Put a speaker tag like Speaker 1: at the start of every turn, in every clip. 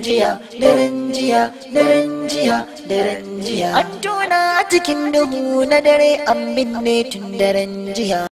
Speaker 1: daren jiya daren jiya daren jiya daren jiya an tona
Speaker 2: cikin duhu na dare an binne tun daren jiya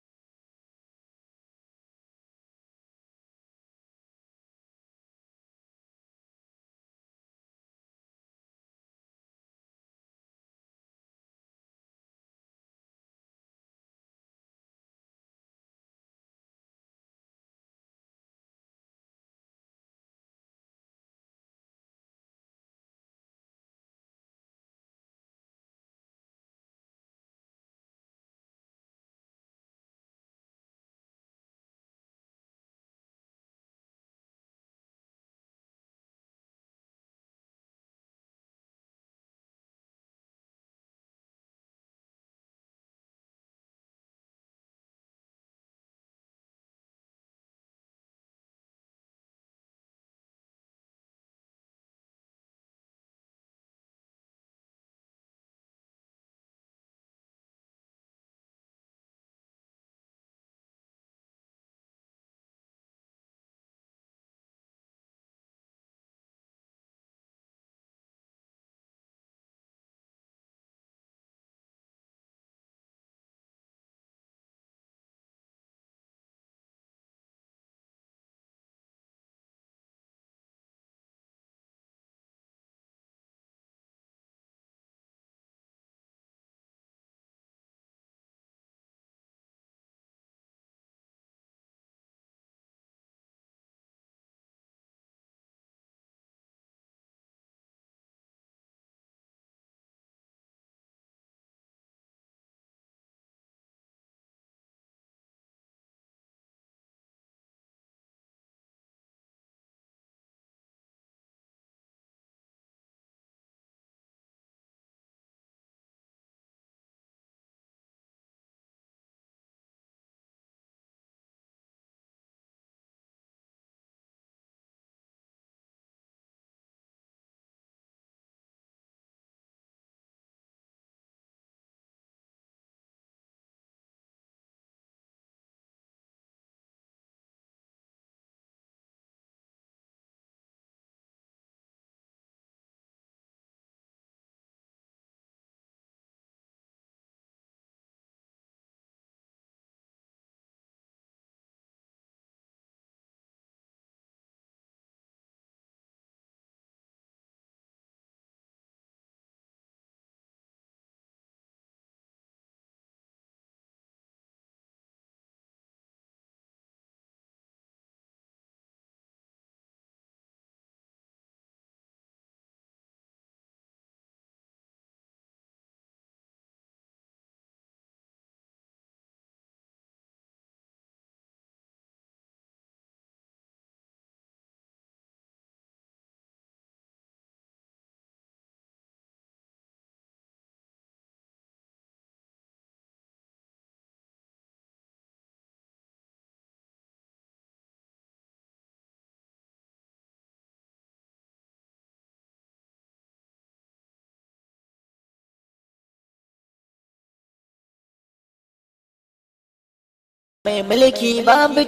Speaker 2: mai mulki babu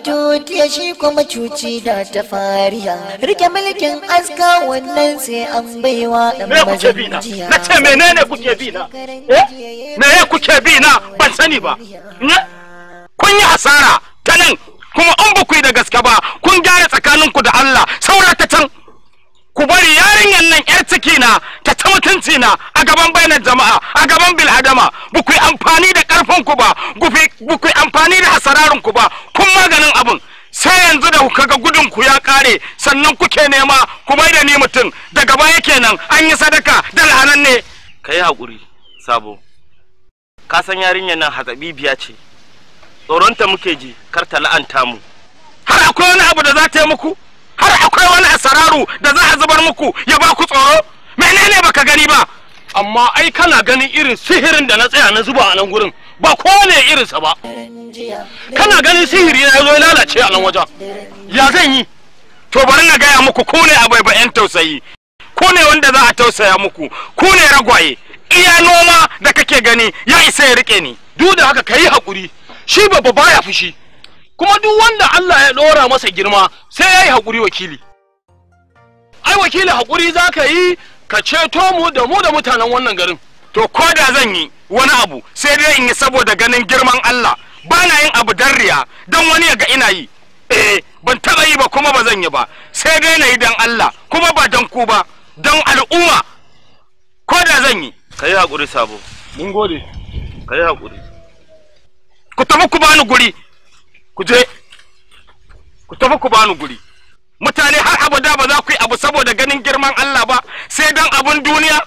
Speaker 2: ya shi kuma cuci da ta fariya rike mulkin
Speaker 1: aska wannan sai an baiwa dan mazan
Speaker 3: na ce menene kuke bi na eh? me ya kuke bi na ban sani ba kun yi asara ta nan kuma in ba ku da gaske ba kun gyara tsakaninku da Allah saura ta can ku bari yarinyar nan yar ciki na ta ci mutunci na a gaban bainar jama'a a gaban bil adama ba ku yi amfani da karfin ku ba ba ku yi amfani da hasararin ku ba kun maganin abin sai yanzu da kuka ga gudun ku ya kare sannan kuke nema ku bai da ni mutum daga baya kenan an yi sadaka da lanan ne kai hakuri sabo ka san yarinyar nan hatsabibiya ce tsoronta muke ji kar ta la'anta mu har akwai wani abu da za ta yi muku har akwai wani asararu da za a zubar muku ya ba ku tsoro menene baka gani ba amma ai kana ganin irin sihirin da na tsaya na zuba a nan gurin ba kowane irinsa ba kana ganin sihiri na zo lalace a nan wajen ya zan yi to bari na gaya muku ku ne abai ba 'yan tausayi ku ne wanda za a tausaya muku ku ne ragwaye iya noma da kake gani ya isa ya rike ni duk da haka ka hakuri shi babba baya fushi kuma duk wanda Allah ya ɗora masa girma sai ya yi haƙuri wakili ai wakili haƙuri za ka yi ka ceto mu da mu da mutanen wannan garin to ko da zan yi wani abu sai dai in yi saboda ganin girman Allah ba na yin abu don riya don wani ya ga ina yi eh ban taɓa yi ba kuma ba zan yi ba sai dai na yi don Allah kuma ba dan ku ba don al'umma ko da zan yi ka yi haƙuri sabo mun gode ka yi haƙuri ku tafi ku bani guri ku je ku tafi ku bani guri mutane har abada ba za ku yi abu saboda ganin girman Allah ba sai dan abun duniya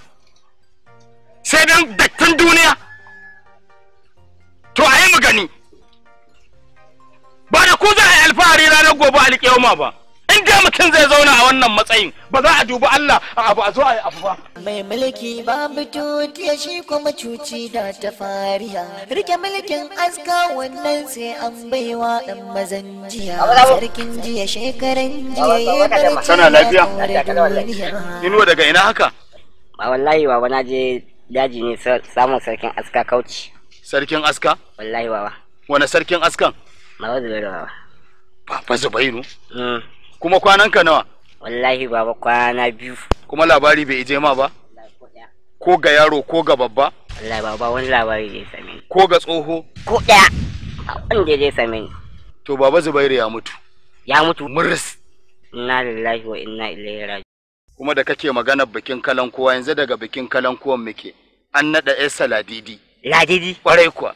Speaker 3: sai dan dattin duniya to a yi mu gani ba da ku za a yi alfahari ranar gobe alƙiyama ba in dai mutum zai zauna a wannan matsayin ba za a dubi Allah a abu a zo a yi abu ba
Speaker 1: mai mulki babu ya shi kuma cuci da ta fariya rike mulkin aska wannan sai an baiwa dan mazan jiya sarkin jiya shekaran jiya ya mulki sana lafiya
Speaker 4: inuwa
Speaker 5: daga ina haka ba wallahi baba na je daji ne samun sarkin aska kauci sarkin aska wallahi baba wani sarkin askan na wazi ba. Baba Zubairu? Mm. kuma kwanan ka nawa wallahi baba
Speaker 3: kwana biyu kuma labari bai ije ma ba ko ga yaro ko ga babba
Speaker 2: wallahi
Speaker 5: baba wani labari zai same ni ko ga tsoho ko daya wanda zai same ni to baba zubairu ya mutu ya mutu muris inna lillahi wa inna ilaihi raji
Speaker 3: kuma da kake magana bikin kalankuwa yanzu daga bikin kalankuwan muke an naɗa 'yar saladidi Rajidi. Kwarai kuwa.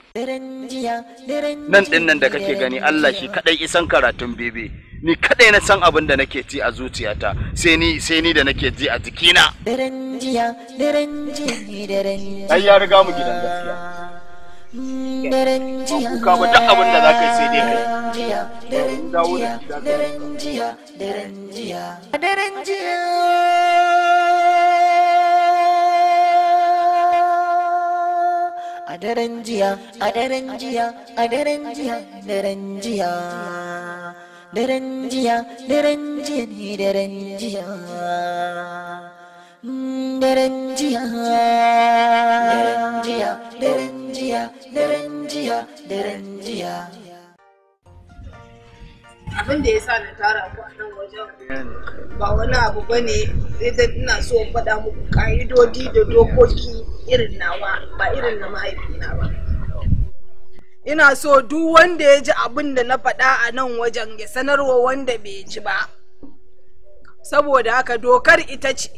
Speaker 1: Nan din nan da kake gani
Speaker 3: Allah shi kadai isan karatun bebe. Ni kadai na san abin da nake ji a zuciyata sai ni sai ni da nake ji a jikina. Ai ya riga mu gidan
Speaker 1: gaskiya. Mm, kuka ba duk abin da za ka yi sai dai kai. Daren jiya, daren jiya, daren jiya. a daren jiya a daren jiya a daren jiya daren jiya daren jiya daren jiya ne daren jiya mm, daren jiya daren jiya daren jiya daren jiya daren jiya
Speaker 4: abin da ya sa na tara ku a nan
Speaker 2: wajen
Speaker 4: ba wani abu ba ne zai ina so in faɗa muku ƙa'idodi da dokoki irin nawa ba irin na mahaifina ba ina so duk wanda ya ji abin da na faɗa a nan wajen ya sanarwa wanda bai ji ba saboda haka dokar ita ce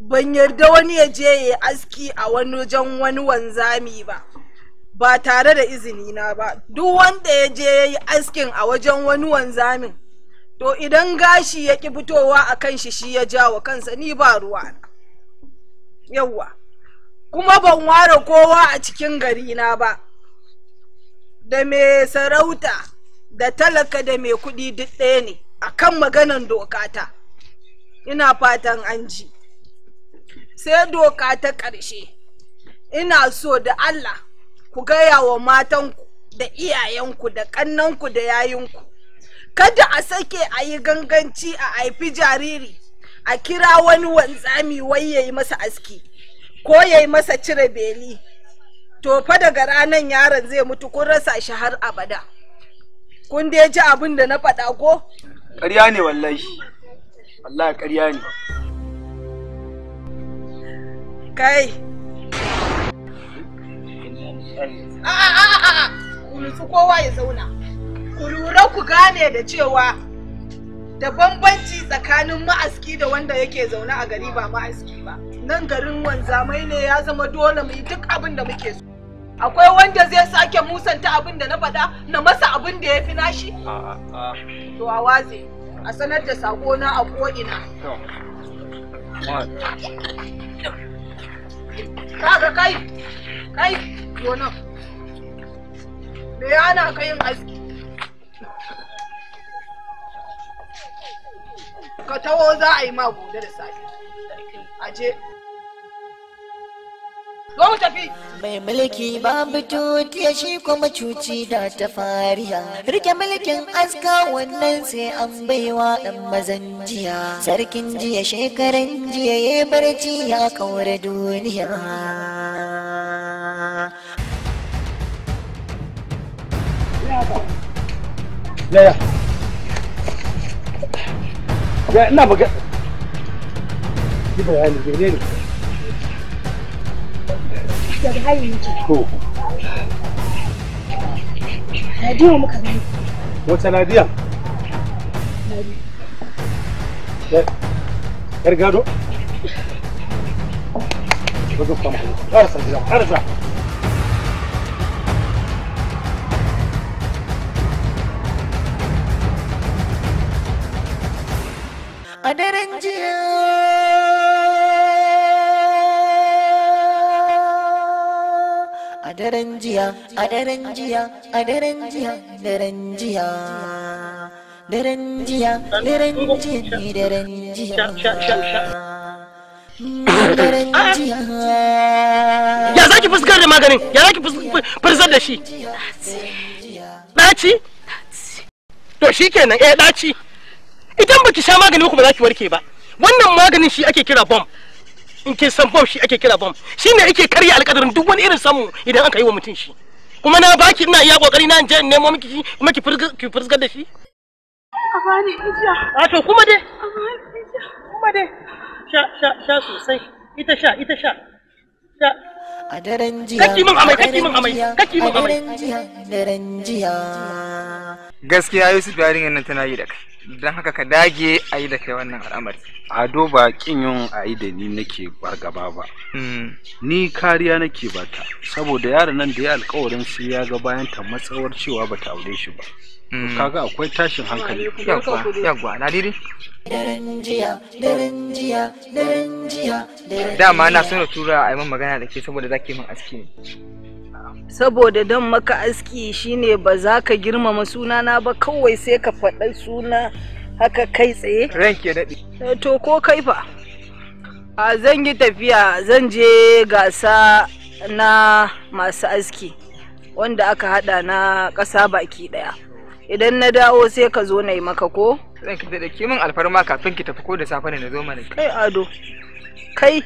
Speaker 4: ban yarda wani ya je ya aski a wani wajen wani wanzami ba ba tare da izini na ba duk wanda ya je ya yi askin a wajen wani wanzamin to idan gashi ya ki fitowa a kan shi shi ya jawo kansa ni ba ruwa yawwa kuma ban ware kowa a cikin gari na ba da mai sarauta da talaka da mai kuɗi duk ɗaya ne a kan maganan dokata ina fatan an ji sai doka ta ƙarshe ina so da allah ku gaya wa matanku da iyayenku da ƙannanku da yayinku kada a sake a yi ganganci a haifi jariri a kira wani wanzami wai ya yi masa aski ko ya yi masa cire beli to fa daga ranar yaron zai mutu kun rasa shi har abada kun dai ji abin da na faɗa ko
Speaker 3: ƙarya ne wallahi wallahi ƙarya ne
Speaker 4: kai Kulsu kowa ya zauna. Ku lura ku gane da cewa da bambanci tsakanin ma'aski da wanda yake zaune a gari ba ma'aski ba. Nan garin wanzamai ne ya zama dole mu yi duk abin da muke so. Akwai wanda zai sake musanta abin da na faɗa na masa abin da ya fi nashi? To a watse, a sanar da sako na a ko'ina. Kaga kai, kai, wannan. Me yana ka yin aski? Ka taho za a yi ma gobe da safe.
Speaker 2: Aje.
Speaker 1: zo mu tafi mai mulki babu tutiya shi kuma cuci da ta fariya rike mulkin aska wannan sai an baiwa dan mazan jiya sarkin jiya shekaran jiya ya barci ya kaura duniya
Speaker 6: yaya ga ina baga ki bayani ne ne
Speaker 4: daga hayin yake to Nadiya muka gani
Speaker 6: wata
Speaker 3: Nadiya Yar gado? Bazo gidan,
Speaker 1: daren jiya a daren jiya a daren jiya daren jiya daren jiya daren jiya ni daren jiya ya zaki fuskar da
Speaker 7: maganin ya zaki fuskar da shi daci to shi kenan eh daci idan baki sha magani ku ba za ki warke ba wannan maganin shi ake kira bomb in kin san bom shi ake kira bom shi ne ake karya alƙadarin duk wani irin samu idan aka yi wa mutum shi kuma na baki ina iya kokari na je in nemo miki shi kuma ki furgar da shi a bani ija a to kuma dai a bani kuma dai sha sha sha sosai ita sha ita sha
Speaker 1: a daren jiya kaki mun amai kaki mun amai kaki mun amai daren gaskiya
Speaker 4: Yusuf yarinyar nan tana yi da kai don haka ka dage a yi da kai wannan al'amari ado ba
Speaker 6: kin yin a yi da ni nake bargaba ba hmm. ni kariya nake bata saboda yaron nan da ya alkawarin sai ya ga bayan ta matsawar cewa bata aure shi ba
Speaker 2: Mm. kaga
Speaker 4: akwai tashin
Speaker 1: hankali yagwa
Speaker 4: yagwa na diri dama na sanar tura a man magana da ke saboda zaki min aski ne saboda don maka aski shine ba za ka girmama sunana ba kawai sai ka faɗa suna haka kai tsaye ranke daɗe eh, to ko kai fa a zan yi tafiya zan je gasa na masu aski wanda aka hada na ƙasa baki ɗaya idan na dawo sai ka zo na yi maka ko zan ki da min alfarma kafin ki tafi ko da safe ne na zo mana kai ado kai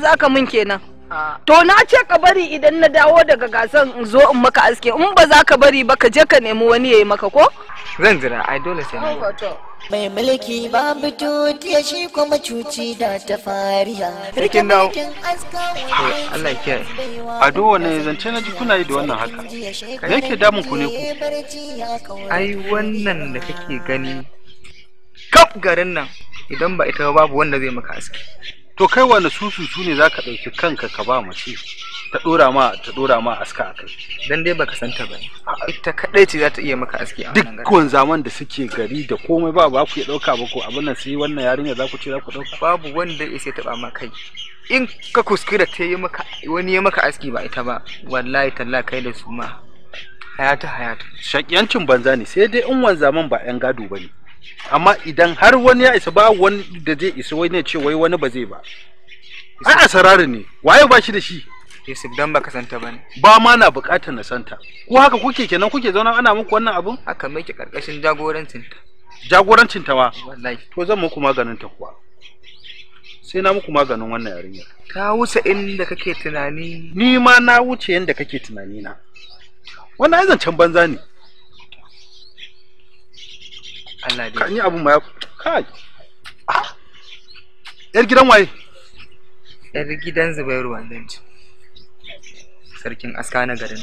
Speaker 4: za ka min kenan to na ce ka bari idan na dawo daga gasan in zo in maka aske in ba za ka bari ba ka je ka nemi wani ya yi maka ko zan jira ai dole sai
Speaker 6: na
Speaker 1: mai mulki babu tutiya shi kuma cuci da ta fariya rikin eh, dawo
Speaker 6: Allah ke a ne zance na ji kuna yi da wannan haka
Speaker 1: yake damun ku ne ku ai
Speaker 6: wannan da kake gani kaf garin nan idan ba ita babu wanda zai maka aski to kai wani susu su ne ka ɗauki kanka ka ba mace ta dora ma ta dora ma aska a kai dan dai baka santa bane ita kadai ce za ta iya maka aski a wannan dukkan zaman da suke gari da komai ba ba ku ya dauka ba ko abin nan sai wannan yarinya za ku ce za ku dauka babu
Speaker 4: wanda ya sai taba ma kai in ka kuskura ta yi maka wani ya maka aski ba ita ba wallahi talla kai da su ma hayata hayata
Speaker 6: shakiyancin banza ne sai dai in wanzaman ba yan gado bane amma idan har wani ya isa ba wani da zai isa wai ne ce wai wani ba zai ba ai sararin ne waye ba shi da shi Yusuf eh, dan baka santa bane. Ba ma na bukatar na santa. Ko haka kuke kenan kuke zauna ana muku wannan abun? Haka muke karkashin jagorancin ta. Jagorancin ta wa? Wallahi. To zan muku maganin ta kuwa. Sai na muku maganin wannan yarinyar. Ka wuce inda kake tunani. Ni ma na wuce yadda kake tunani na. Wannan ai zancen banza ne. Allah dai. Kan yi abun ma ya kai. Ah. Yar
Speaker 8: gidan waye?
Speaker 4: Yar gidan Zubairu wanzanci. sarkin aska na garin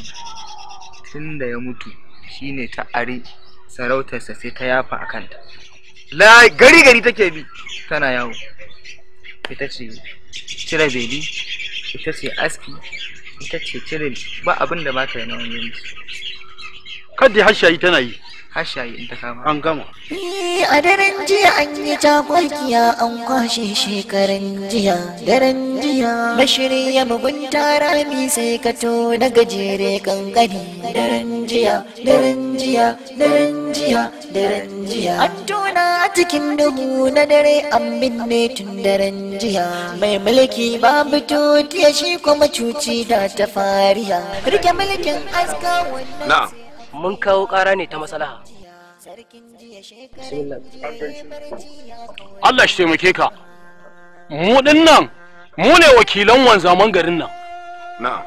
Speaker 4: tun da ya mutu shine ta ari sarautarsa sai ta yafa a kanta la gari gari take bi tana yawo ita ce cire beli ita ce aski ita ce cire
Speaker 6: ba abin da ba ta yi na wani yanzu kadda yi tana yi hashaye in ta kama an gama
Speaker 1: a daren jiya an yi jagwagiya an kwashe shekaran jiya daren jiya na shirya mugunta rami sai ka to na gajere kankani daren jiya daren jiya daren jiya daren jiya an tona a cikin dubu na dare an binne tun daren jiya mai mulki babu to shi kuma cuci da ta fariya rike mulkin aska
Speaker 7: wannan mun kawo ƙara ne ta maslaha Allah shi taimake ka
Speaker 3: mu nan mu ne wakilan wanzaman garin nan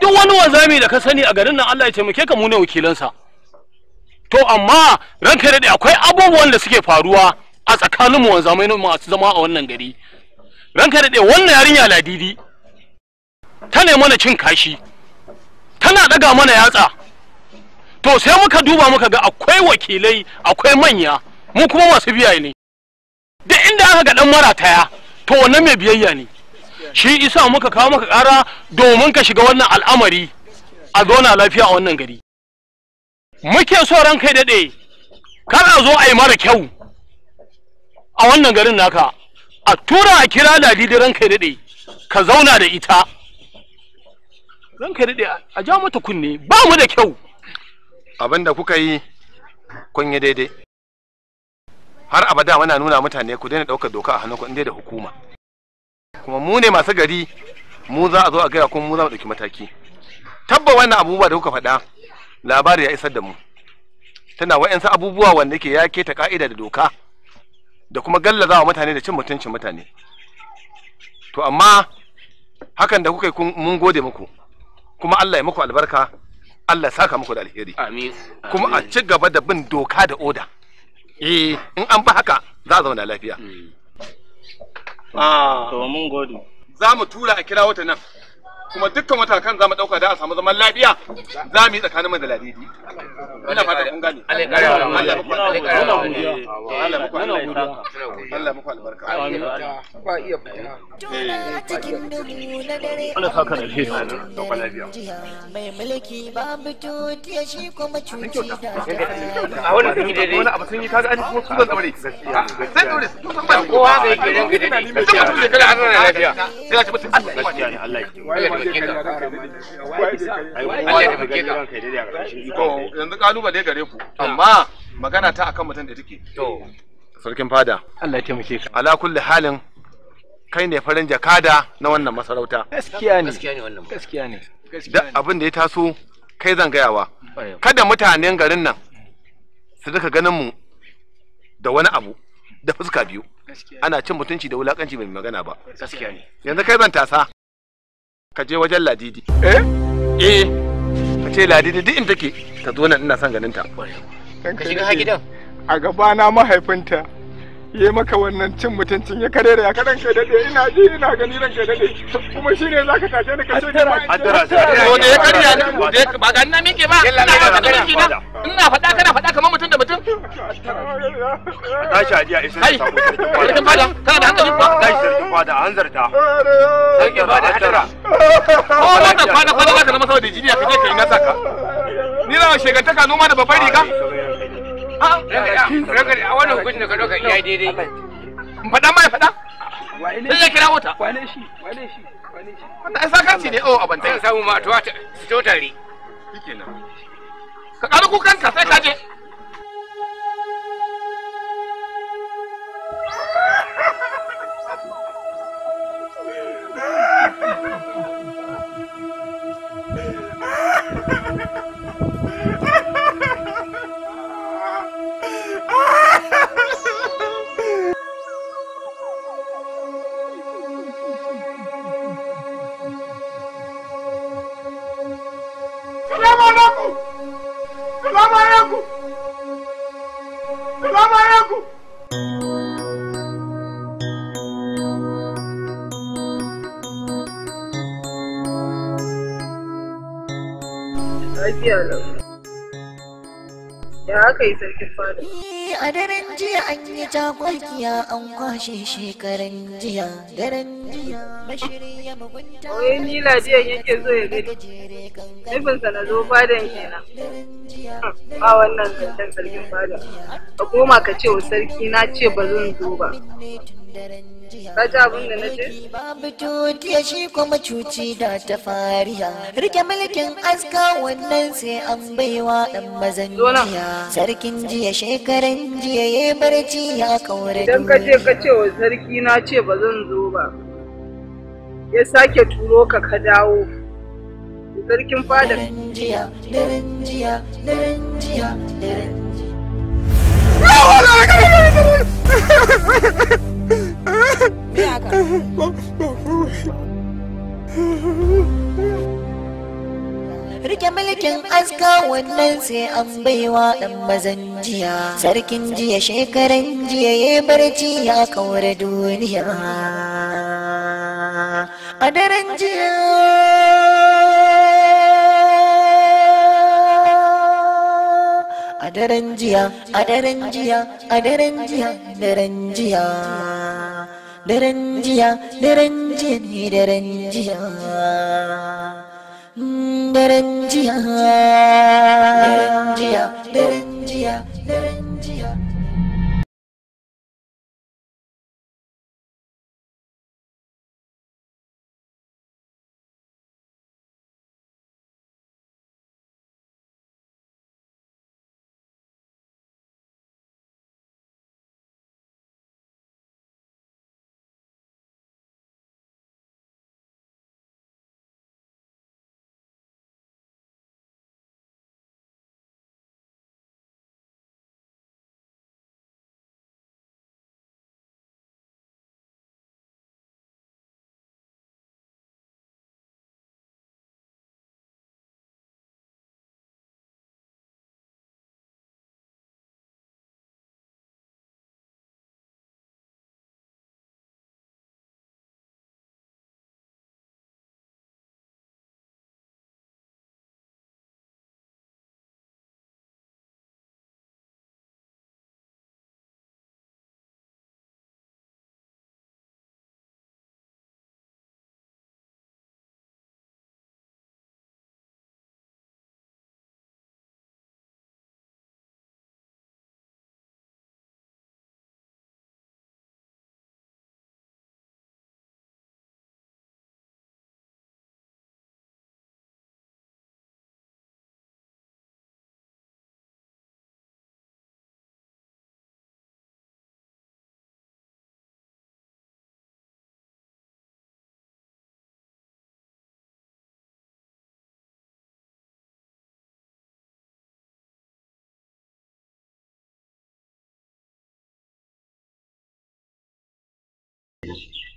Speaker 3: duk wani wanzami da ka sani a garin nan Allah ya taimake ka mu ne wakilansa to amma ranka daɗe akwai abubuwan da suke faruwa a tsakanin mu wanzamai masu zama a wannan gari ranka daɗe wannan yarinya ladidi ta ne mana cin kashi tana ɗaga mana yatsa to sai muka duba muka ga akwai wakilai akwai manya mu kuma masu biya ne da inda aka ga dan taya to wannan mai biyayya ne shi isa muka kawo maka kara domin ka shiga wannan al'amari a zauna lafiya a wannan gari muke so ran kai dade kar a zo a yi mara kyau a wannan garin naka a tura a kira
Speaker 8: ladidi ran kai dade ka zauna da ita ran kai dade a ja mata kunne ba mu da kyau abin da kuka yi kun yi daidai har abada muna nuna mutane ku daina ɗaukar doka a hannunku inda da hukuma kuma mu ne masu gari mu za a zo a gaya kuma mu za mu ɗauki mataki tabba wannan abubuwa da kuka faɗa labari ya isar da mu tana wa'yansu abubuwa wanda yake ya keta ka'ida da doka da kuma gallazawa mutane da cin mutuncin mutane to amma hakan da kuka yi mun gode muku kuma Allah ya muku albarka Allah saka muku da alheri amin kuma a ci gaba da bin doka da oda eh in an ba haka za a zauna lafiya hmm. ah. to mun gode za mu tura a kira wata nan kuma dukkan matakan za mu ɗauka da a samu zaman lafiya za mu yi tsakanin mu da ladidi ina fata kun gane Allah muku
Speaker 6: Allah
Speaker 1: da shi mai mulki ba mutu da a wani
Speaker 8: abu sun yi kaga an kuma sun sai dole sun ba kowa da yanzu kalubale gare ku ah. amma magana ta akan mutum da take sarkin fada Allah ya taimake ka ala kulli halin kai ne farin jakada na wannan masarauta gaskiya ne gaskiya ne wannan gaskiya ne da abin da ya taso kai zan gayawa kada mutanen garin nan su duka ganin mu da wani abu da fuska biyu ana cin mutunci da wulakanci bai magana ba gaskiya ne yanzu kai zan tasa ka je wajen ladidi eh eh ka ce ladidi duk inda take ta zo nan ina son ganin ta
Speaker 2: ka shiga ha gidan
Speaker 3: a gaba na mahaifinta ya maka wannan cin mutuncin ya kare da ya
Speaker 8: karan kai dade ina ji ina gani ran kai dade kuma shine zaka tace ni ka ce ni ba addara to da ya karya ne ba ga ina mike ba ina ga da miki na ina fada kana fada kamar mutum da mutum shi ajiya isa ta sako sarkin fada kana da hankali ba shi sarkin fada an zarta sarkin fada addara
Speaker 2: ko
Speaker 8: oh, na wannan fada fada zaka na masa da jiniya kaje kai na saka ni na shegantaka noma da babbar ka a ka ɗauka iya daidai faɗa ma ya faɗa sai ya kira mota
Speaker 6: wanda
Speaker 8: ai sakarci ne oh abanta ya samu ma ta tare ka ƙaru kukanka sai ka je
Speaker 2: aka yi sarkin fada.
Speaker 1: Eh, a daren jiya an yi jagwakiya an kwashe shekaran jiya daren jiya mashiri ya mugunta. Oye ni ladiyan yake zo ya gani.
Speaker 4: Nufinsa na zo fadan kenan. Hmm, ba wannan zancen sarkin fada. Ka koma ka ce wa sarki na ce ba zan zo ba. ka abin da na
Speaker 2: je?
Speaker 1: Babu tutiya shi kuma cuci da ta fariya. Rike mulkin aska wannan sai an baiwa ɗan mazanjiya. Sarkin jiya shekaran jiya ya barci ya kaura Idan ka
Speaker 4: ce ka ce wa sarki na ce ba zan zo ba. Ya sake turo ka ka dawo. Sarkin fadar. Daren
Speaker 1: jiya, daren jiya, daren jiya,
Speaker 2: me
Speaker 1: Rike mulkin aska wannan sai an baiwa ɗan mazan jiya. Sarkin jiya shekaran jiya ya barci ya kaura duniya. A daren jiya. a daren jiya a daren jiya a daren jiya daren jiya Derenjiya, jiya ni derenjiya ne daren
Speaker 2: jiya mm,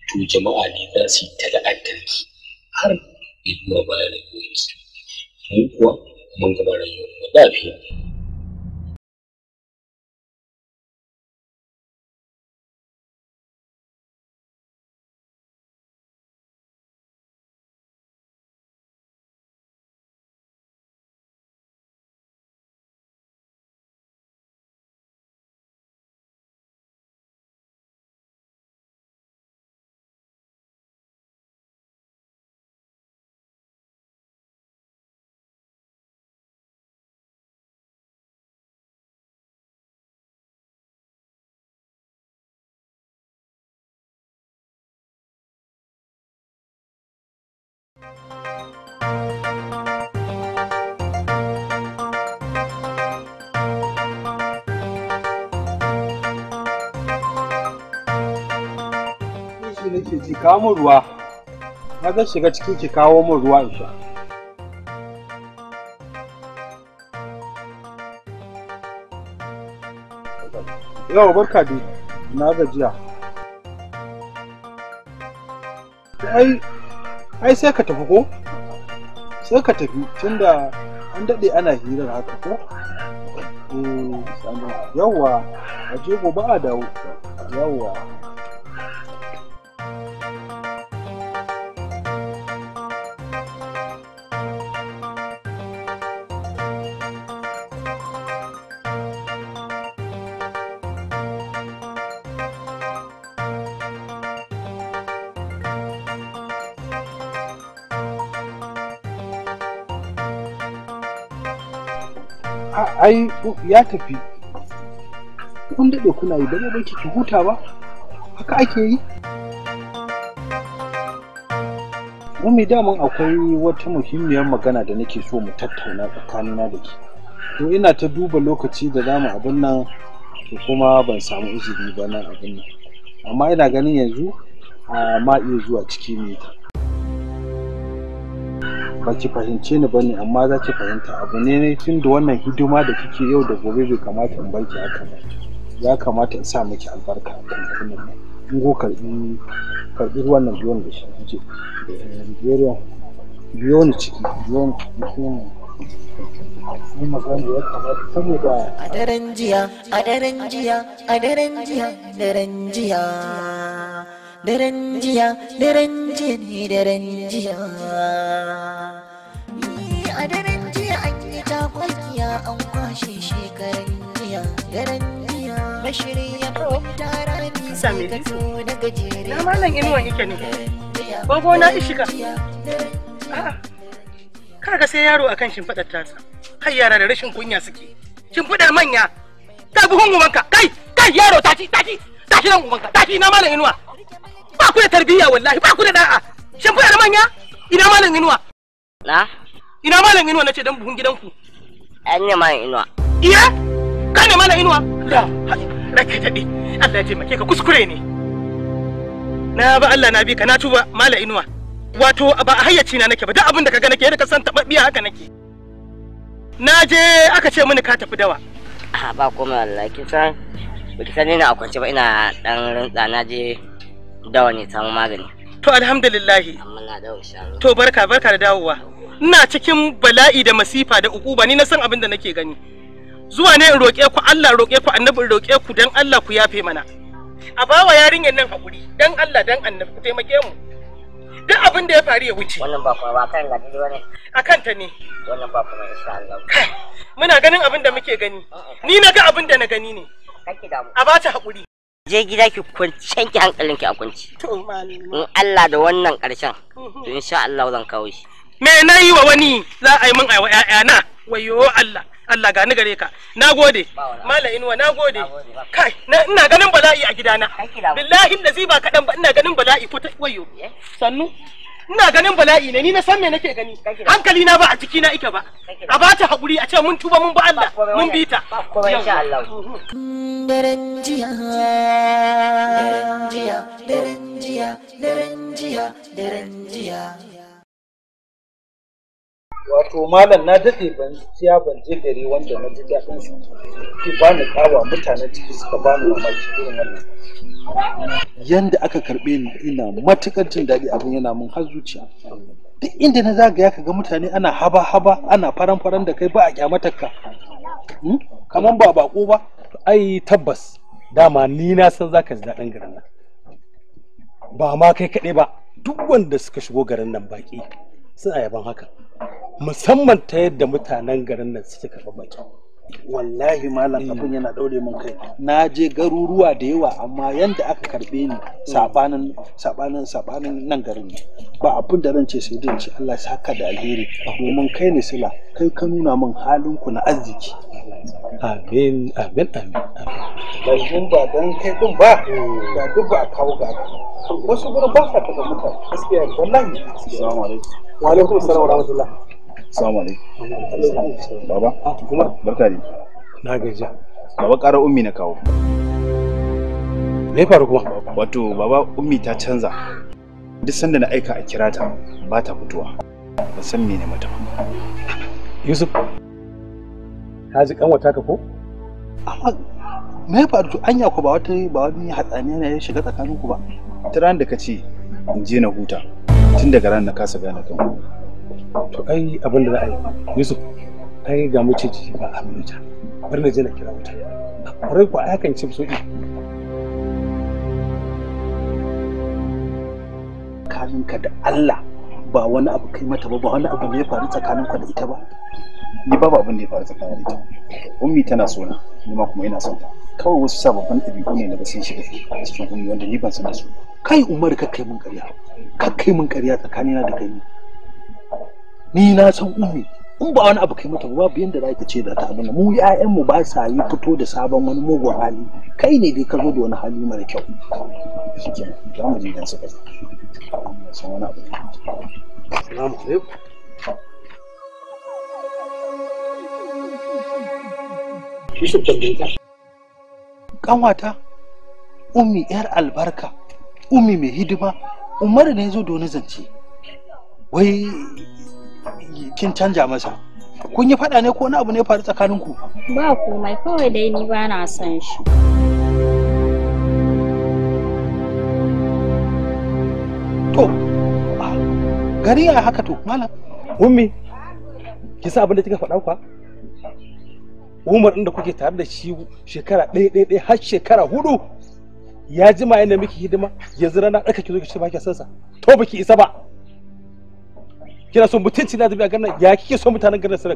Speaker 2: to jama'a ne za su yi ta la'antarki har zuwa bayan da mu kuwa mun gama rayuwa lafiya
Speaker 6: ki kawo mu ruwa na zan shiga cikin ki kawo min ruwa in sha yau barka dai na gajiya ai ai sai ka tafi ko sai ka tafi tunda an daɗe ana hirar haka ko eh yawwa a je gobe a dawo yawwa ai ya tafi kun daɗe kuna yi ba zai ki huta ba haka ake yi Mummy daman akwai wata muhimmiyar magana da nake so mu tattauna tsakanina da ke. To ina ta duba lokaci da zamu abin nan to kuma ban samu izini ba nan abin nan. Amma ina ganin yanzu a ma iya zuwa ciki ne ba ki fahimce ni bane amma za ki fahimta abu ne ne tun da wannan hidima da kike yau da gobe bai kamata in barki haka ba ya kamata in sa miki albarka a kan kunan nan in go karbi karbi wannan biyon da shi je Nigeria biyo ni ciki biyo ni ciki a
Speaker 1: daren jiya a daren jiya a daren jiya daren jiya daren jiya daren jiya ne daren jiya a daren jiya an yi takwakiya an kwashe shekaran jiya daren jiya bashirin ya kwanta rami sai ka zo da gajere na malam inuwa yake ne gogo na ishika
Speaker 7: kaga sai yaro akan shimfiɗar tasa har yara da rashin kunya suke shimfiɗar manya ta buhun umanka kai kai yaro tashi tashi tashi nan umanka tashi na malam inuwa ba ku da tarbiyya wallahi ba ku da da'a shin ku da manya ina malam inuwa na ina malam inuwa nace dan buhun gidanku an ne malam inuwa iya ka ne malam inuwa la rake dade Allah ya taimake ka kuskure ne na ba Allah na bi ka na tuba malam inuwa wato ba a hayyaci na nake ba duk abin da kaga nake yadda ka san tababbiya haka nake na je aka ce mini ka tafi dawa
Speaker 5: a ba komai wallahi kin san ba ki san na a kwance ba ina dan rantsa na je dawa ne samu magani
Speaker 7: to alhamdulillahi to barka barka da dawowa ina cikin bala'i da masifa da ukuba ni na san abin da nake gani zuwa ne in roƙe ku Allah roƙe ku annabi roƙe ku dan Allah ku yafe mana a bawa yarinyar nan hakuri dan Allah dan annabi ku taimake mu duk abin da ya faru ya wuce wannan ba kuma ba kan gadi bane akan ta ne wannan ba kuma insha Allah muna ganin abin da muke gani ni na ga abin da na gani ne a ba ta hakuri
Speaker 5: je gida ki kwancen ki hankalin ki a kwanci in Allah da wannan karshen to mhm. insha Allah zan kawo shi
Speaker 7: me na yi wa wani za a yi min aiwa ƴaƴana wayo Allah Allah gani gare ka na gode mala inuwa na gode kai ina ganin bala'i a gidana billahi da ba kaɗan ba ina ganin bala'i ko ta wayo sannu ina ganin bala'i ne ni na san me nake gani hankali na ba a ciki na ike ba a ba ta haƙuri a ce mun tuba mun ba Allah mun bi ta
Speaker 1: daren jiya daren jiya daren
Speaker 2: jiya daren
Speaker 6: wato malam na daɗe ban ciya ban je gari wanda na ji daɗin su ki bani kawa mutanen ciki suka bani mamaki irin wannan yanda aka karɓe ni ina matuƙar jin daɗi abin yana mun har zuciya duk inda na zagaya ka ga mutane ana haba haba ana faran faran da kai ba a kyamatar ka hmm? kaman ba bako ba ai tabbas dama ni na san zaka ji daɗin garin nan ba ma kai kaɗai ba duk wanda suka shigo garin nan baki suna yaban haka musamman ta yadda mutanen garin nan suke karɓar baki wallahi malam hmm. abin yana daure mun kai na je garuruwa da yawa amma yanda aka karbe ni hmm. sabanin sabanin sabanin nan garin ne ba abin da ce sai dai ce Allah ya saka da alheri domin kai ne sila kai ka nuna min halin ku na arziki amin amin amin amin ba dan kai din ba da hmm. duk ba kawo ga wasu gurin ba sa ta mutane gaskiya wallahi assalamu alaikum wa alaikum assalam wa rahmatullah Assalamu alaikum. Baba, barka ne. Na gajiya. Baba ƙara ummi na kawo. Me faru kuma? Wato baba ummi ta canza. Duk sanda na aika a kira ta ba ta fitowa. ba san mene mata ba. Yusuf, ka ji kanwata ka ko? Amma me faru anya ku ba wata ba wani hatsaniya ne ya shiga tsakaninku ba. Tiran da ka ce in je na huta. Tun daga ran na kasa gane kanku. to ai abin da za a yi yusuf ai ga mace ji ba a nuna bari na je na kira wuta a kwarai ko ai kan cin soɗi tsakaninka da Allah ba wani abu kai mata ba ba wani abu ne ya faru tsakaninka da ita ba ni ba abin da ya faru tsakanin da ita ummi tana so na ni ma kuma ina son ta kawai wasu sababbin ɗabi'u ne da ba sun shiga cikin ummi wanda ni ban san su kai umar ka kai mun ƙarya ka kai mun ƙarya tsakanina da kai ni na san ummi in ba wani abu kai mata babu yanda za ka ce da ta mana mu yayan mu ba sa yi fito da sabon wani mugun hali kai ne dai ka zo da wani hali mara kyau za mu Kanwata, ummi yar albarka, ummi mai hidima, umaru ne zo da zance. Wai kin canja masa kun yi faɗa ne ko wani abu ne faru tsakanin ku
Speaker 5: ba komai kawai dai ni ba na son shi
Speaker 6: to gari ya haka to malam ummi ki sa abin da kika faɗa kwa umar inda kuke tare da shi shekara ɗaya ɗaya ɗaya har shekara hudu ya jima yana miki hidima yanzu rana ɗaka ki zo ki ce ba ki son sa to baki isa ba kina so mutunci na zubi a garin ya kike so mutanen garin suna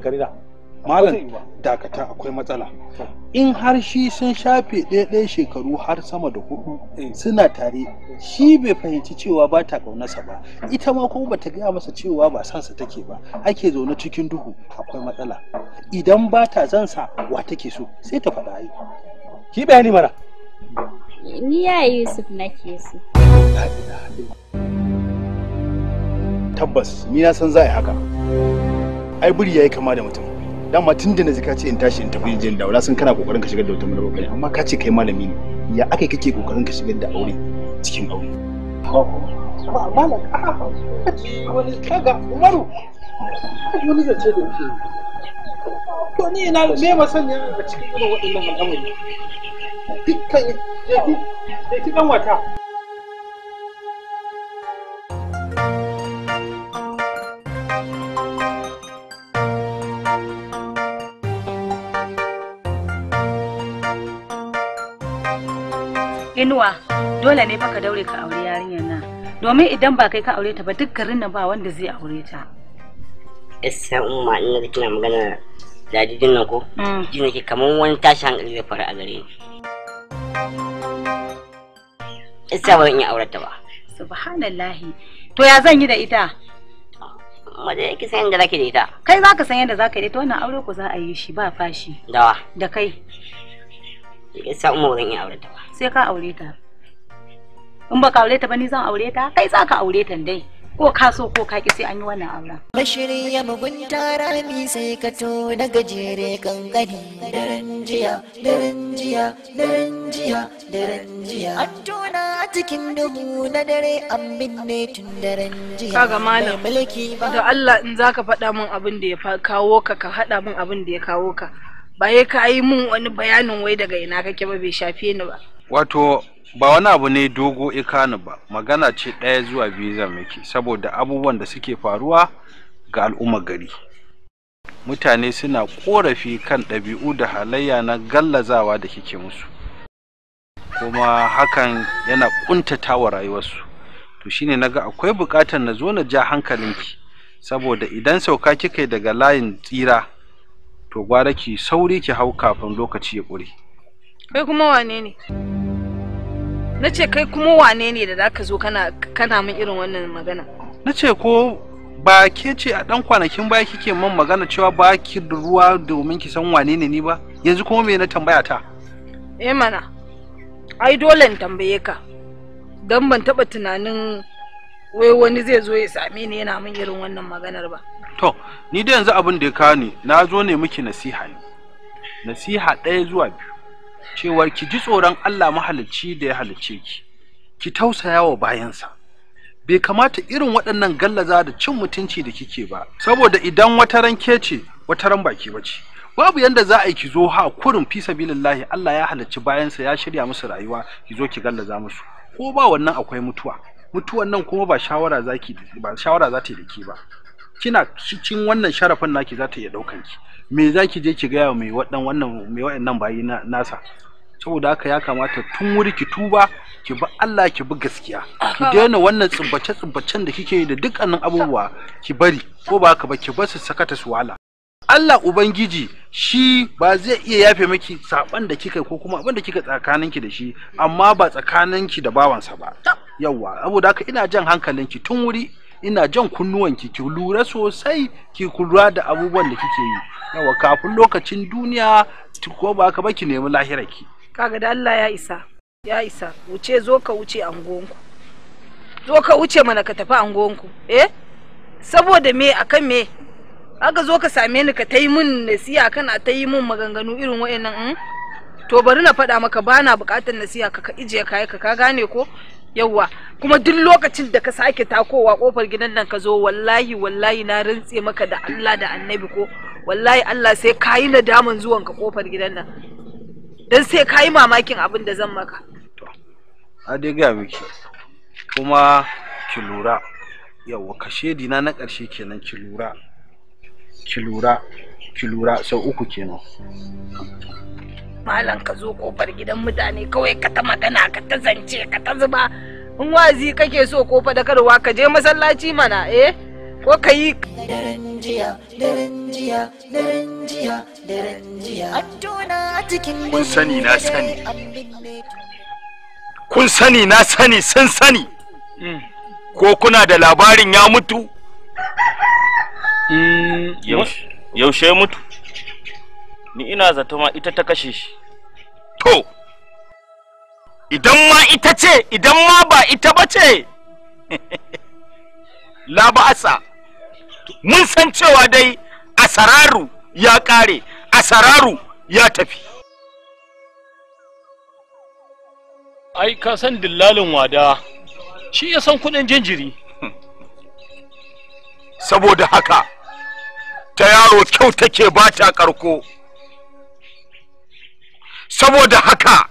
Speaker 6: malam dakata akwai matsala in har shi sun shafe ɗaya ɗaya shekaru har sama da hudu eh. suna tare shi bai fahimci cewa ba ta ƙaunarsa ba ita ma kuma bata gaya masa cewa ba sa take ba ake zaune cikin duhu akwai matsala idan ba ta zan sa wa take so sai ta faɗa ai ki bayani mana
Speaker 5: ni ya yusuf nake so
Speaker 6: tabbas ni na san za a yi haka ai buri yi kama da mutum dama tun da na ji ka ce in tashi in tafi jin daura sun kana kokarin ka shigar da wata madawa ne amma ka ce kai malami ne ya akai kake kokarin ka shigar da aure cikin aure ni masanya a cikin irin waɗannan al'amari dukkan ya dan wata
Speaker 4: dole ne baka daure ka aure yarinyar nan domin idan ba kai ka aure ta ba dukkanin nan ba wanda zai aure ta
Speaker 5: isa umma ina da kina magana da jijin nan ko ji mm. nake kamar wani tashi hankali zai faru a gare ni isa ba zan aure ta ba
Speaker 4: subhanallahi to ya zan yi da ita
Speaker 5: maje yake san yadda zaki da ita
Speaker 4: kai zaka san yadda zaka da ita wannan aure ku za a yi shi ba fashi dawa da kai isa umma ba zan yi aure ta ba sai ka aure ta in ba ka aure ta ba ni zan aure ta kai za ka aure ta dai ko ka so ko ka ki sai an yi wannan auren.
Speaker 1: Bashiri ya mugunta rami sai ka to na gajere kankani daren jiya daren jiya daren jiya daren jiya. An cikin duhu na dare an binne tun daren jiya. Kaga malam
Speaker 4: da Allah in zaka faɗa min abin da ya kawo ka ka haɗa min abin da ya kawo ka. Baye ka yi min wani bayanin wai daga ina kake ba bai shafe ni ba.
Speaker 6: Wato ba wani abu ne dogo ikani ba magana ce ɗaya zuwa biyu zan miki saboda abubuwan da suke faruwa ga al'umma gari mutane suna korafi kan ɗabi'u da halayya na gallazawa da kike musu kuma hakan yana ƙuntatawa rayuwarsu to shine naga akwai buƙatar na zo na ja hankalinki saboda idan sauka kika daga layin tsira to gwara ki sauri ki hau kafin lokaci ya ƙure
Speaker 4: kai kuma wane ne na ce kai kuma wane ne da zaka zo kana kana min irin wannan magana
Speaker 6: na ce ko ba ke ce a dan kwanakin baya kike min magana cewa ba ki da ruwa domin ki san wane ne ni ba yanzu kuma me na tambaya ta
Speaker 4: eh mana ai dole in tambaye ka dan ban taba tunanin wai wani zai zo ya same ni yana min irin wannan maganar ba
Speaker 6: to ni da yanzu abin da ya kawo ni na zo ne miki nasiha ne nasiha ɗaya zuwa biyu cewar ki ji tsoron Allah mahalicci da ya halicce ki ki tausaya wa bayansa bai kamata irin waɗannan gallaza da cin mutunci da kike ba saboda idan wata ran ke ce wata ran baki bace babu yanda za a yi ki zo ha kurin fi sabilillahi Allah ya halicci bayansa ya shirya musu rayuwa ki zo ki gallaza musu ko ba wannan akwai mutuwa mutuwan nan kuma ba shawara zaki ba shawara za ta yi da ke ba kina cikin wannan sharafin naki za ta iya ɗaukan ki me za ki je ki gaya mai waɗan wannan mai waɗannan bayi nasa saboda haka ya kamata tun wuri ki tuba ki bi Allah ki bi gaskiya ki daina wannan tsubbace tsubbacen da kike yi da dukkanin abubuwa ki bari ko ba haka ba ki bar su sakata su wala Allah Ubangiji shi ba zai iya yafe miki saban da kika ko kuma abin da kika tsakanin ki da shi amma ba tsakanin ki da bawansa ba yawwa saboda haka ina jan hankalinki tun wuri ina jan kunnuwanki ki lura sosai ki kura da abubuwan da kike yi yawa kafin lokacin duniya ko ba ka ba ki nemi
Speaker 4: kaga da Allah ya isa ya isa wuce zo ka wuce angonku zo ka wuce mana ka tafi angonku eh saboda me akan me aka zo ka same ni ka tai yi min nasiya kana ta yi min maganganu irin wa'annan hmm? to bari na faɗa maka bana buƙatar nasiya ka ije ka ka gane ko yawwa kuma duk lokacin da ka sake takowa kofar gidan nan ka zo wallahi wallahi na rintse maka da Allah da annabi ko wallahi Allah sai ka yi nadaman zuwan ka kofar gidan nan dan sai ka mamakin abin da zan maka
Speaker 6: a dai ga miki kuma ki lura yawwa kashe dina na ƙarshe kenan ki lura ki lura ki lura sau uku kenan
Speaker 4: malam ka zo kofar gidan mutane kawai ka ta magana ka ta zance ka ta zuba in wazi kake so ko fadakarwa ka je masallaci mana eh ko ka yi daren jiya daren
Speaker 1: jiya daren jiya daren jiya cikin kun sani na sani
Speaker 3: kun sani na sani sun sani mm. ko kuna da labarin ya mutu mm, yaushe mutu ni ina zato ma ita ta kashe shi to idan ma ita ce idan ma ba ita ba ce asa, mun san cewa dai asararu ya ƙare, asararu ya tafi ai ka san dillalin wada shi ya san kudin jinjiri saboda haka ta yaro kyau take ba ta karko saboda haka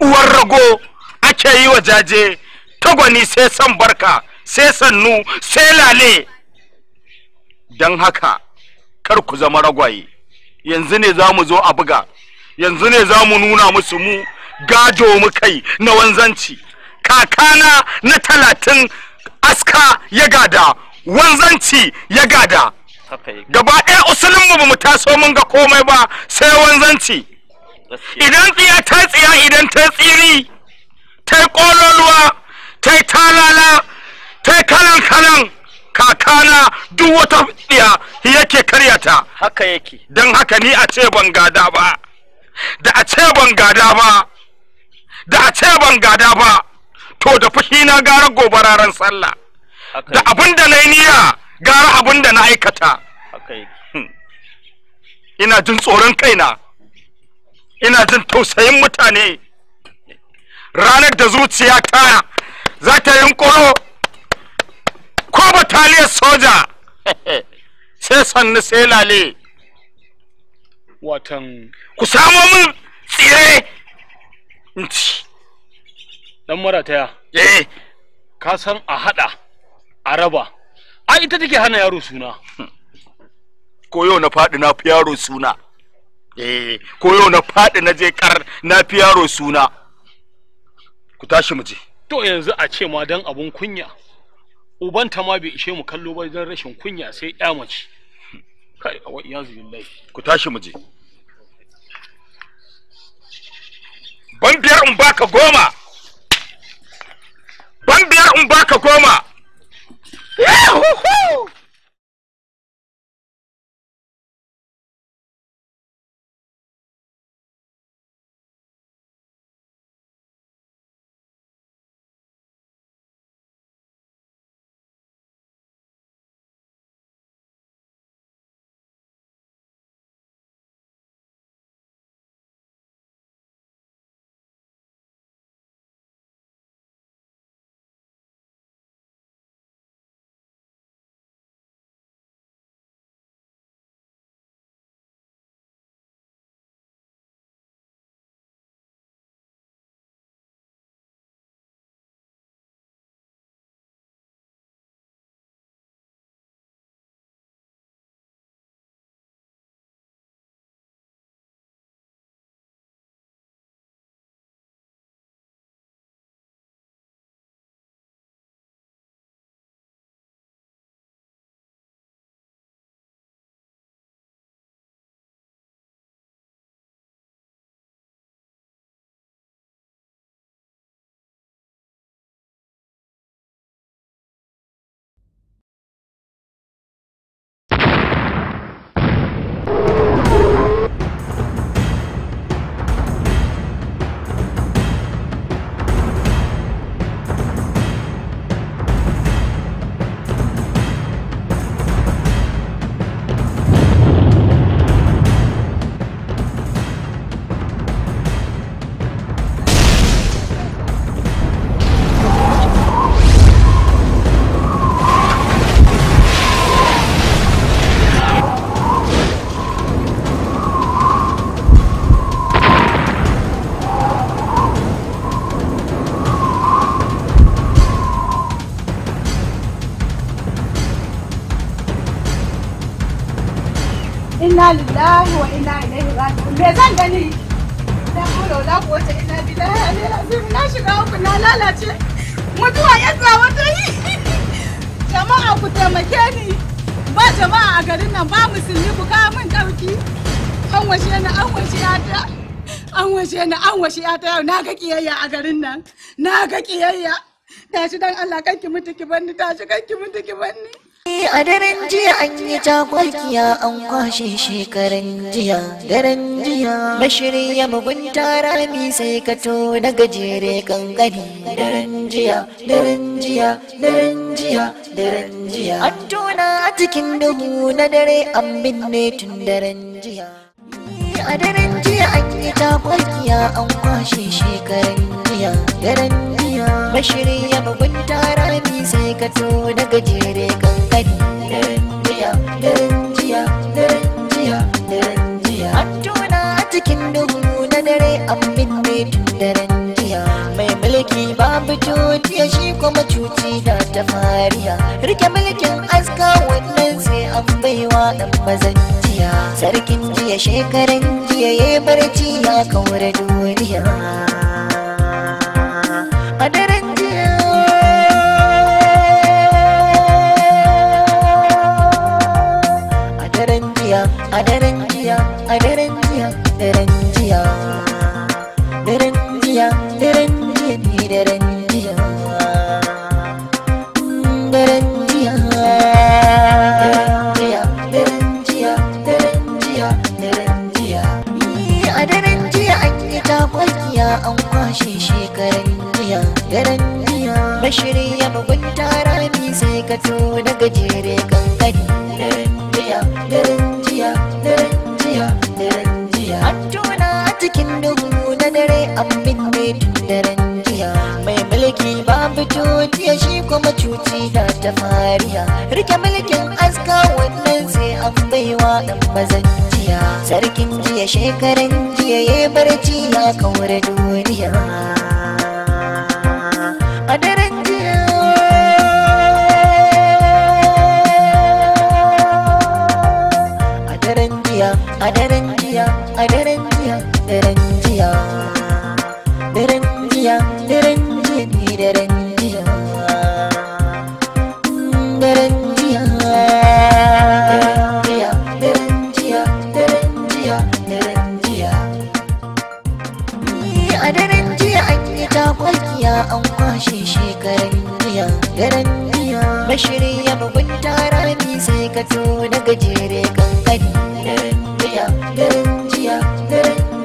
Speaker 3: uwar rago ake yi wa jaje tagwani sai san barka sai sannu sai lale don haka kar ku zama ragwaye yanzu ne za mu zo a buga yanzu ne za mu nuna musu mu gado mu kai na wanzanci kakana na talatin aska ya gada wanzanci ya gada gaba ɗaya usulinmu ba mu taso mun ga komai ba sai wanzanci idan tsiya ta tsiya idan ta tsiri ta kololuwa ta talala ta kalan kalan kakana duk wata tsiya yake karyata haka yake don haka ni a ce ban gada ba da a ce ban gada ba da a ce ban gada ba to da fushi na gara gobararen sallah da abin da na yi niyya gara abin da na aikata hm. ina jin tsoron kaina ina jin tausayin mutane ranar da zuciya ta za ta yunkuro ko bataliyar soja sai sannu sai lale watan
Speaker 2: ku samo min
Speaker 3: tsire dan marataya eh ka san a hada a raba a ita take hana yaro suna koyo na faɗi na fi yaro suna eh ko yau na faɗi na je kar na fi yaro suna ku tashi mu je to yanzu a ce ma dan abun kunya uban ta ma bai ishe mu kallo ba dan rashin kunya sai ya mace kai a wa iyazu billahi ku tashi mu je ban
Speaker 2: biyar in baka goma ban biyar in baka goma Yahoo!
Speaker 4: billahi la hawla wala quwwata illa billahi alil azim na shiga uku na lalace mutuwa ya tsawa ta yi jama'a ku taimake ni ba jama'a a garin nan ba musulmi ku kawo min dauki
Speaker 7: an washe ni an washe ta an washe ni an washe ta yau na ga kiyayya a garin nan na ga kiyayya tashi dan Allah kanki mutu ki banni tashi kanki mutu ki banni a daren jiya
Speaker 1: an yi jagorkiya an kwashe shekaran jiya daren jiya bashirin ya mugunta rami sai ka to na gajere kan gani daren jiya daren jiya daren jiya daren jiya an tona a cikin duhu na dare an binne tun daren jiya a daren jiya an yi takwakiya an kwashe shekaran jiya daren jiya bashirin ya mugunta rami sai ka to na gajere kan gani daren jiya daren an binne daren jiya mai mulki babu jodiya shi kuma cuci na ta fariya rike mulkin aska wannan sai an baiwa dan mazan jiya sarkin jiya shekaran jiya ya barci ya kaura duniya shirya mugunta rami sai ka to da gajere kankani daren jiya daren jiya daren jiya daren jiya an tona a cikin duhu na dare an binne daren jiya mai mulki babu tutiya shi kuma cuci da ta fariya rike mulkin aska wannan sai an baiwa dan mazan jiya sarkin jiya shekaran jiya ya barci ya kauri duniya shi shekaran biya rani biya bashiri ya mugunta rami sai ka to na gajere kankani garan biya jiya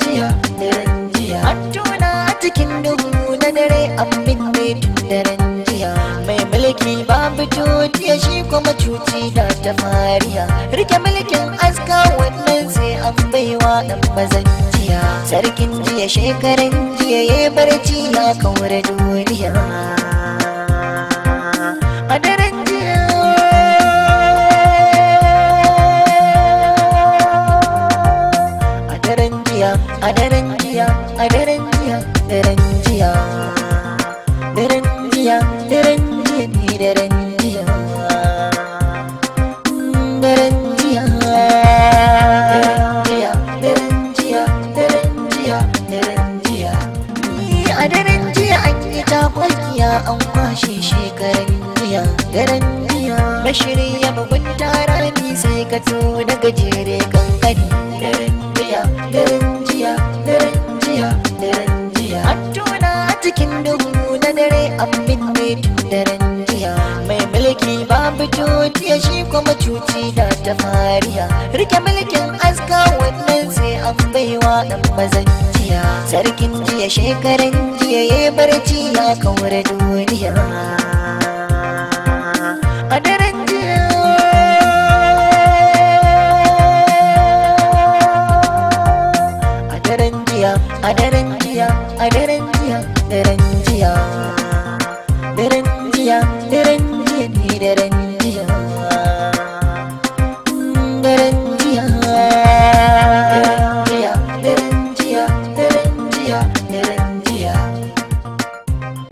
Speaker 1: jiya jiya an tona cikin duhu na dare abin ne tun daren jiya mai mulki babu tutiya shi kuma cuci da ta fariya rike mulkin aska wannan sai an baiwa dan mazan duniya sarkin jiya shekaran jiya ya barci ya kawar duniya a daren jiya a daren jiya a daren jiya a daren jiya